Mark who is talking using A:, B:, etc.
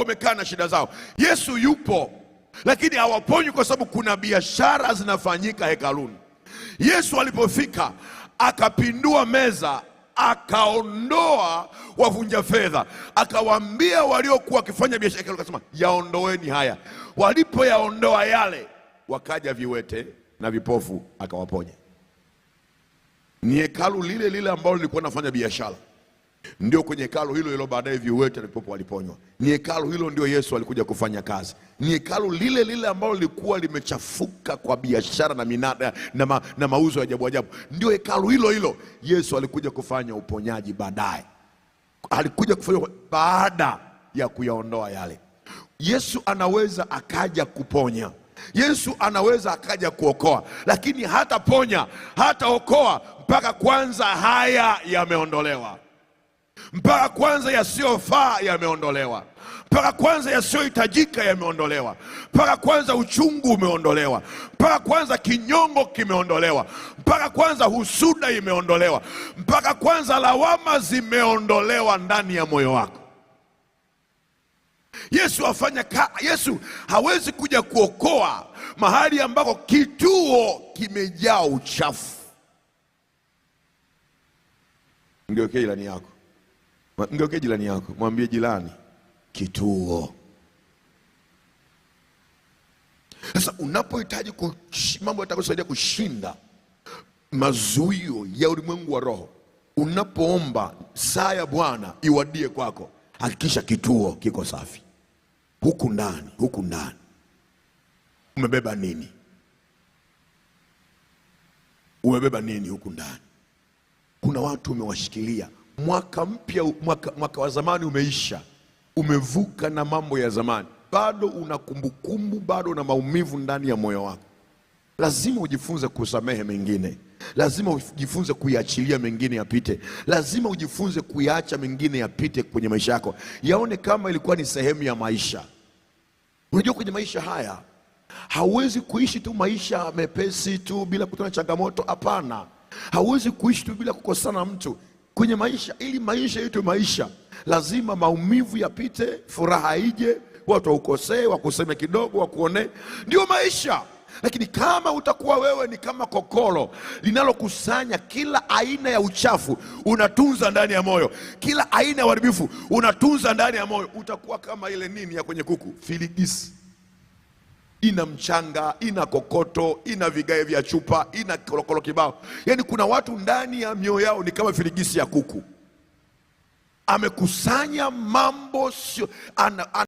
A: wamekaa na shida zao. Yesu yupo lakini hawaponywi kwa sababu kuna biashara zinafanyika hekaluni. Yesu alipofika akapindua meza, akaondoa wavunja fedha, akawaambia waliokuwa wakifanya biashara hekaluni, akasema yaondoeni haya. Walipoyaondoa yale, wakaja viwete na vipofu, akawaponya. Ni hekalu lile lile ambalo lilikuwa nafanya biashara ndio kwenye hekalo hilo hilo baadaye viwete na waliponywa. Ni hekalu hilo ndio Yesu alikuja kufanya kazi. Ni hekalu lile lile ambalo lilikuwa limechafuka kwa biashara na minada na, ma, na mauzo ya ajabu ajabu. Ndio hekalu hilo hilo Yesu alikuja kufanya uponyaji baadaye. Alikuja kufanya baada ya kuyaondoa yale. Yesu anaweza akaja kuponya. Yesu anaweza akaja kuokoa, lakini hata ponya hata okoa mpaka kwanza haya yameondolewa mpaka kwanza yasiyofaa yameondolewa, mpaka kwanza yasiyohitajika yameondolewa, mpaka kwanza uchungu umeondolewa, mpaka kwanza kinyongo kimeondolewa, mpaka kwanza husuda imeondolewa, mpaka kwanza lawama zimeondolewa ndani ya moyo wako. Yesu afanya ka, Yesu hawezi kuja kuokoa mahali ambako kituo kimejaa uchafu. Ndio ilani yako Mgeuke jirani yako, mwambie jirani, kituo. Sasa unapohitaji mambo yatakusaidia kushinda mazuio ya ulimwengu wa roho, unapoomba saa ya Bwana iwadie kwako, hakikisha kituo kiko safi. Huku ndani, huku ndani umebeba nini? Umebeba nini huku ndani? Kuna watu umewashikilia Mwaka mpya, mwaka, mwaka wa zamani umeisha, umevuka na mambo ya zamani, bado una kumbukumbu, bado na maumivu ndani ya moyo wako. Lazima ujifunze kusamehe mengine, lazima ujifunze kuiachilia mengine yapite, lazima ujifunze kuiacha mengine yapite kwenye maisha yako, yaone kama ilikuwa ni sehemu ya maisha. Unajua, kwenye maisha haya hauwezi kuishi tu maisha mepesi tu bila kutana changamoto. Hapana, hauwezi kuishi tu bila kukosana mtu kwenye maisha. Ili maisha yetu maisha, lazima maumivu yapite, furaha ije, watu waukosee, wakuseme kidogo, wakuonee, ndio maisha. Lakini kama utakuwa wewe ni kama kokolo linalokusanya kila aina ya uchafu, unatunza ndani ya moyo, kila aina ya uharibifu unatunza ndani ya moyo, utakuwa kama ile nini ya kwenye kuku, filigisi ina mchanga, ina kokoto, ina vigae vya chupa, ina korokoro kibao. Yaani kuna watu ndani ya mioyo yao ni kama filigisi ya kuku, amekusanya mambo sio ana, ana